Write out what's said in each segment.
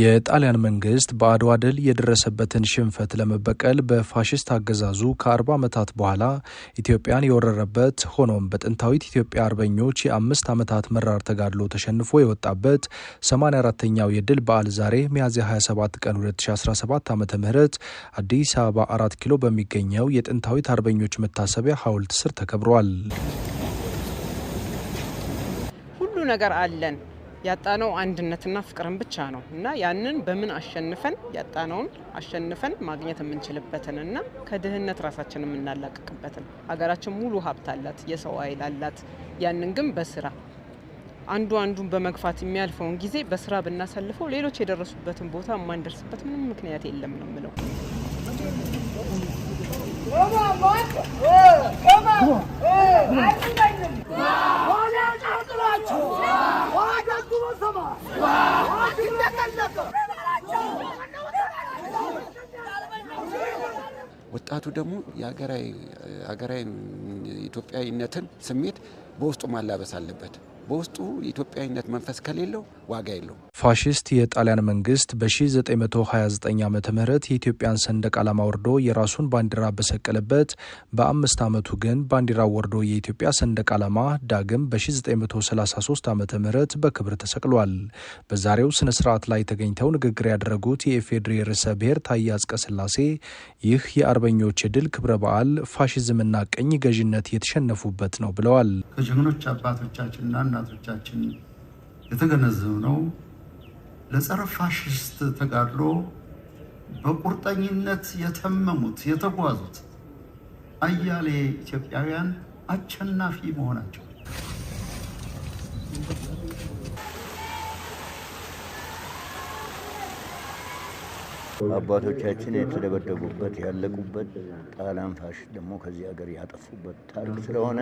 የጣሊያን መንግስት በአድዋ ድል የደረሰበትን ሽንፈት ለመበቀል በፋሽስት አገዛዙ ከ40 ዓመታት በኋላ ኢትዮጵያን የወረረበት ሆኖም በጥንታዊት ኢትዮጵያ አርበኞች የአምስት ዓመታት መራር ተጋድሎ ተሸንፎ የወጣበት 84 ተኛው የድል በዓል ዛሬ ሚያዝያ 27 ቀን 2017 ዓ ም አዲስ አበባ አራት ኪሎ በሚገኘው የጥንታዊት አርበኞች መታሰቢያ ሐውልት ስር ተከብሯል። ሁሉ ነገር አለን ያጣነው አንድነትና ፍቅርን ብቻ ነው እና ያንን በምን አሸንፈን ያጣነውን አሸንፈን ማግኘት የምንችልበትን እና ከድህነት ራሳችን የምናላቅቅበትን ሀገራችን ሙሉ ሀብት አላት፣ የሰው ኃይል አላት። ያንን ግን በስራ አንዱ አንዱን በመግፋት የሚያልፈውን ጊዜ በስራ ብናሳልፈው ሌሎች የደረሱበትን ቦታ የማንደርስበት ምንም ምክንያት የለም ነው የምለው። ወጣቱ ደግሞ የሀገራዊ ኢትዮጵያዊነትን ስሜት በውስጡ ማላበስ አለበት። በውስጡ የኢትዮጵያዊነት መንፈስ ከሌለው ዋጋ የለውም። ፋሽስት የጣሊያን መንግስት በ1929 ዓ ም የኢትዮጵያን ሰንደቅ ዓላማ ወርዶ የራሱን ባንዲራ በሰቀለበት በአምስት ዓመቱ ግን ባንዲራ ወርዶ የኢትዮጵያ ሰንደቅ ዓላማ ዳግም በ1933 ዓ ም በክብር ተሰቅሏል። በዛሬው ስነ ስርዓት ላይ ተገኝተው ንግግር ያደረጉት የኢፌዴሪ ርዕሰ ብሔር ታዬ አጽቀሥላሴ ይህ የአርበኞች የድል ክብረ በዓል ፋሽዝምና ቅኝ ገዥነት የተሸነፉበት ነው ብለዋል። ከጀግኖች አባቶቻችንና እናቶቻችን የተገነዘብነው ለጸረ ፋሽስት ተጋድሎ በቁርጠኝነት የተመሙት የተጓዙት አያሌ ኢትዮጵያውያን አሸናፊ መሆናቸው አባቶቻችን የተደበደቡበት ያለቁበት ጣሊያን ፋሽስት ደግሞ ከዚህ ሀገር ያጠፉበት ታሪክ ስለሆነ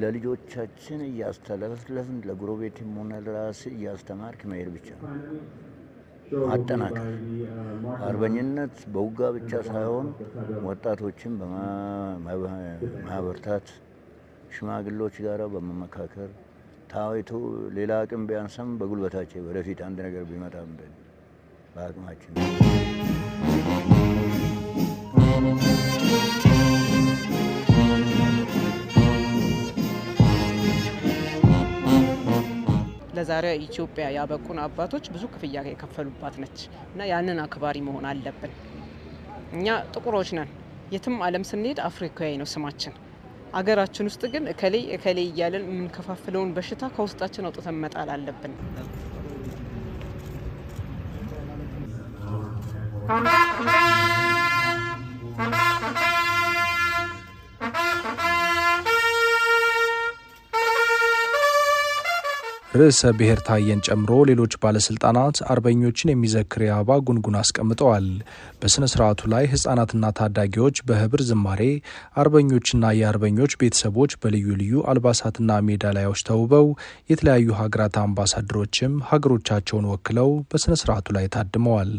ለልጆቻችን እያስተላለፍን ለጎረቤትም ሆነ ለራስ እያስተማርክ መሄድ ብቻ ነው። አጠናከር። አርበኝነት በውጋ ብቻ ሳይሆን ወጣቶችን በማበርታት ሽማግሎች ጋር በመመካከር ታዊቱ ሌላ አቅም ቢያንሰም በጉልበታቸው ወደፊት አንድ ነገር ቢመጣብን በአቅማችን ለዛሬ ኢትዮጵያ ያበቁን አባቶች ብዙ ክፍያ የከፈሉባት ነች እና ያንን አክባሪ መሆን አለብን። እኛ ጥቁሮች ነን። የትም ዓለም ስንሄድ አፍሪካዊ ነው ስማችን። አገራችን ውስጥ ግን እከሌ እከሌ እያለን የምንከፋፍለውን በሽታ ከውስጣችን አውጥተን መጣል አለብን። Thank ርዕሰ ብሔር ታየን ጨምሮ ሌሎች ባለስልጣናት አርበኞችን የሚዘክር የአበባ ጉንጉን አስቀምጠዋል። በሥነ ሥርዓቱ ላይ ሕፃናትና ታዳጊዎች በህብር ዝማሬ፣ አርበኞችና የአርበኞች ቤተሰቦች በልዩ ልዩ አልባሳትና ሜዳሊያዎች ተውበው፣ የተለያዩ ሀገራት አምባሳደሮችም ሀገሮቻቸውን ወክለው በሥነ ሥርዓቱ ላይ ታድመዋል።